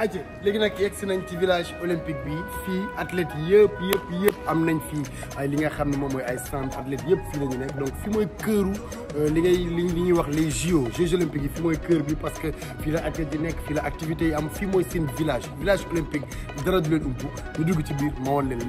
aje léegi nag yegg si nañ ci village olympique bi fii athlètes yëpp yëpp yëpp am nañ fii ay li nga xam ne moom mooy ay stand athlètes yëpp fii ñu nekk donc fi mooy këru euh, li ngay li ñuy wax les JO Jeux olympiques yi fi mooy kër bi parce que fii la athlètes yi nekk fii la activités yi am fii mooy seen village village olympique dara du leen umpu ñu dugg ci biir ma woon leen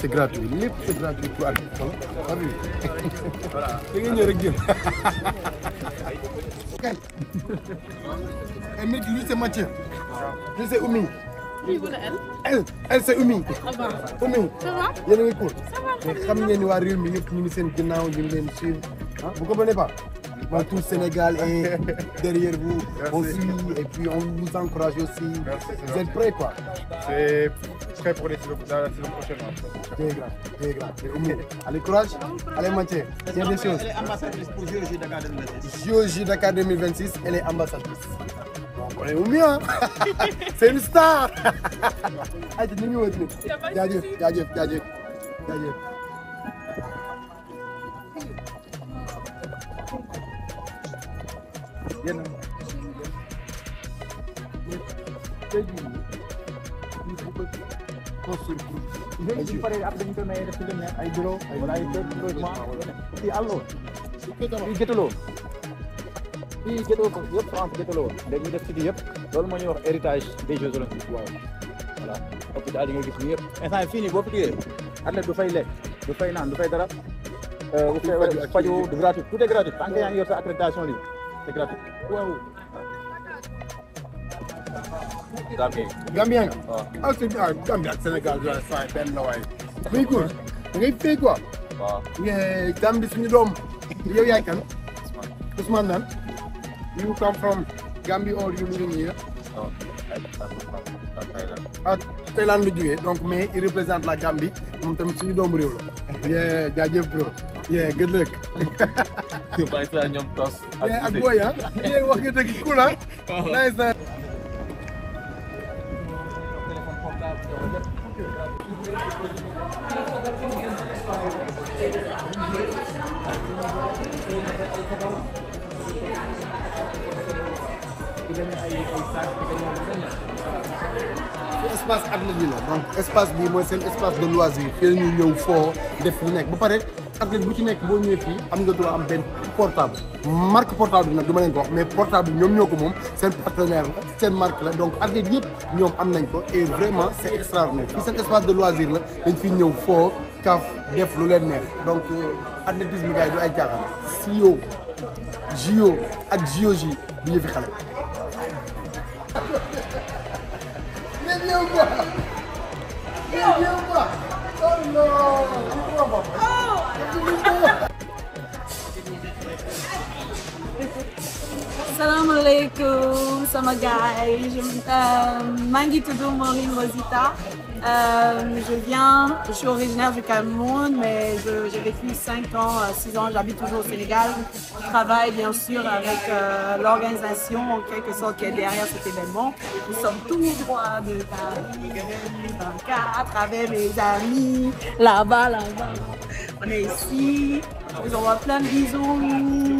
c' est gratuit lépp c' est gratuit pour at bi voilà da nga ñëw rek jël. kay kay nit li c' est Mathieu. li c' est Oumy. elle elle c' est Oumy. Ah Oumy yéen a ngi cool. mais xam ngeen ni waa réew mi yëpp ñu ngi seen ginnaaw ñu ngi leen suivre. ah vous comprenez pas. tout le Sénégal est derrière vous Merci. aussi. Et puis, on vous encourage aussi. Merci, vous êtes prêts, quoi C'est prêt pour les saison prochaine. Hein. Très grave, très Allez, courage. Allez, Mathieu, tiens des choses. Elle est ambassadrice pour JOJ Dakar 2026. JOJ Dakar 2026, elle est ambassadrice. On est au mieux, hein C'est une star Allez, t'es venu Tiens Dieu, Dieu, tiens Dieu. yéen a tey jii ñu bëgg a construire pour. léegi suñ paree après dañu koy maye def ci leen ay bureau wala ay kër logement fii àlloo fii gëtaloo fii gëtaloo ko yëpp France gëtaloo léegi ñu def ci yëpp loolu moo ñuy wax héritage des Jeux olympiques waaw voilà hôpital yi nga gis nii yëpp instant fii nii boo fi duggee athlète du fay lekk du fay naan du fay dara. du fay faju du gratuit tout est gratuit tant que yaa ngi yor sa accréditation lii C'est gratuit. Waouh. Gambien. Gambien. Ah, c'est ah, ah, ah. eh, bien. Gambien ak Sénégal du la eh. saa benn la waaye. muy góor da ngay fay quoi. waaw mais Gambie suñu doom. yow yaay kan. Ousmane Nane. you come from Gambie or you living here. ah Thaïlande la jógee donc mais il représente la Gambie moom tamit suñu doomu réew la. jaajëf bro. gën la bàyyi saa ñoom tos. ak booy ah wax nga dëgg ku la. espace athlète bi la donc espace bii mooy seen espace de loisir fii la ñuy ñëw foo def lu nekk ba pare athlète bu ci nekk boo ñëwee fii am nga droit am benn portable marque portable mais portable ñom partenaire la marque donc athlètes et vraiment c'est extraordinaire C'est cet espace de loisir la dañ fi ñew fo donc euh, athlétisme gars du ay guys. Euh, Rosita. Euh, je viens, je suis originaire du Cameroun, mais j'ai vécu 5 ans, 6 euh, ans, j'habite toujours au Sénégal. Je travaille bien sûr avec l'organisation en quelque sorte qui est derrière cet événement. Nous sommes tous droits de Paris, avec mes amis, là-bas, là-bas. On est ici, On vous envoie plein de bisous.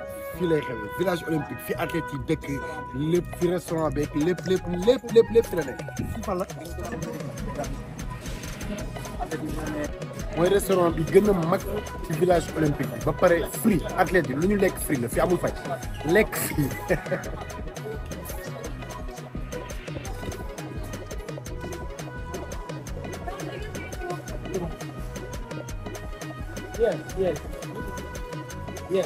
village olympique fi athlètes sont avec fi restaurant les, les, restaurant bi village olympique ba free athlètes fi amul Yes, yes.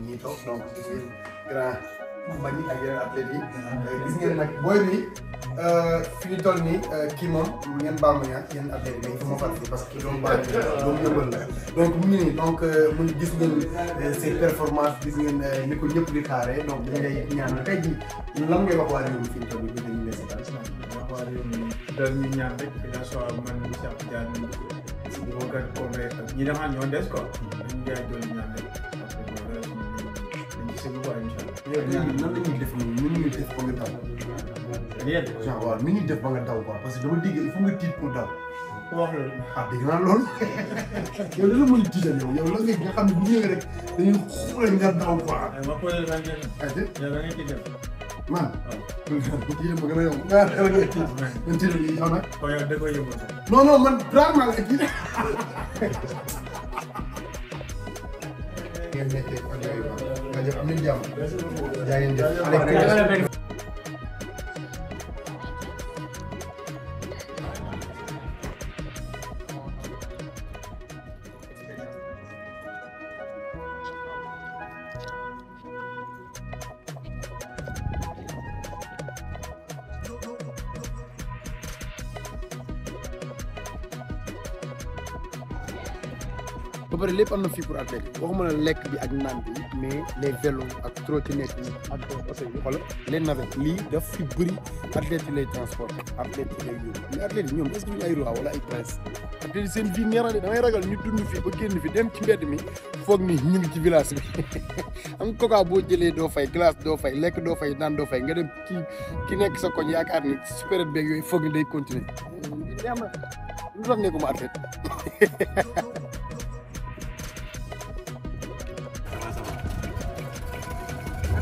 ñuy toog dong, gis ngeen grand Mamba ñi ak yeneen athlètes yi. gis ngeen nag booy bi fi ñu toll nii kii moom ngeen baal ma ñaan yeneen athlètes yi mais ma fàttali parce que loolu baax na loolu yëngal la donc mu ngi nii donc mu ngi gis ngeen ses performances gis ngeen ni ko ñëpp di xaaree donc dañu lay ñaanal tey jii lan ngay wax waa réew mi fi ñu toll nii dañu lay seetaan. waa réew mi dal ñu ñaan rek que ça soit man monsieur Abdou Diagne di ko gën convaincre ñi damaa ñoo des quoi dañu jaay doon ñaan rek. c'est quoi incha nan la ñuy def nii ñun ñuy def ba nga daw. genre waaw ni ñuy def ba nga daw quoi parce que dama dégg il faut nga tiit pour daw. wax loolu. ah dégg naa loolu. yow dina mën a tiital yow yow la nga xam ne bu ñëwee rek dañuy xool nga daw quoi. Eh, ma ko la lan ah, ngeen. man. yéen ah. a gën a yomb ah, nga xel nga tiit. man tiital yi yow nag. waaw yow da koy yóbbu. non non man vraiment la tiit. teeg na teeg ak yooyu ba nga jëf am nañu jàmm jaa ngeen jëf ba pare lépp am na fii pour waxuma la lek bi ak mais les vélos ak trottinette ak yi les navettes lii daf fi lay est ce que ay roi wala ay prince de damay ragal ñu dund fi ba fi dem ci ni ñu ci village am fay glace do fay lek do fay do fay nga dem ki nekk sa koñ yaakaar ni day continuer.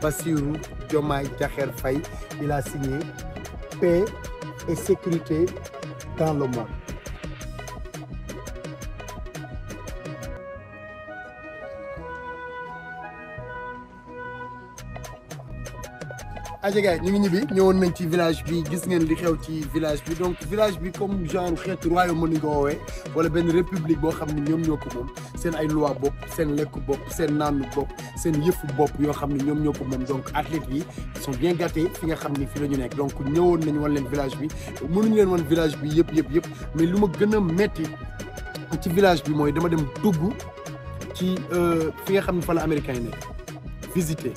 Bassirou Diomaye Djakher Fay, il a signé paix et sécurité dans le monde Adja Gaye ñu ñibi ñibbi nañ ci village bi gis ngeen li xew ci village bi donc village bi comme genre xeetu royaume mën nañ ko wala ben république bo xamni ñom ñoko mom sen ay loi bopp sen lek bopp sen nanu bopp sen yëfu bopp yo xamni ñom ñoko mom donc athlètes yi sont bien gâtés fi nga xamni fi lañu ñu nekk donc ñëwoon nañ wan leen village bi mënuñu leen wan village bi yëpp yëpp yëpp mais luma gëna gën metti ci village bi moy dama dem dugg ci euh fi nga xamni ne fa la américain yi nekk visiter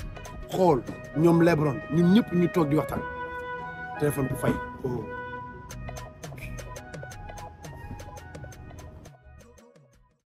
xol ñoom Lebron ñun ñëpp ñu toog di waxtaan téléphone bu fay.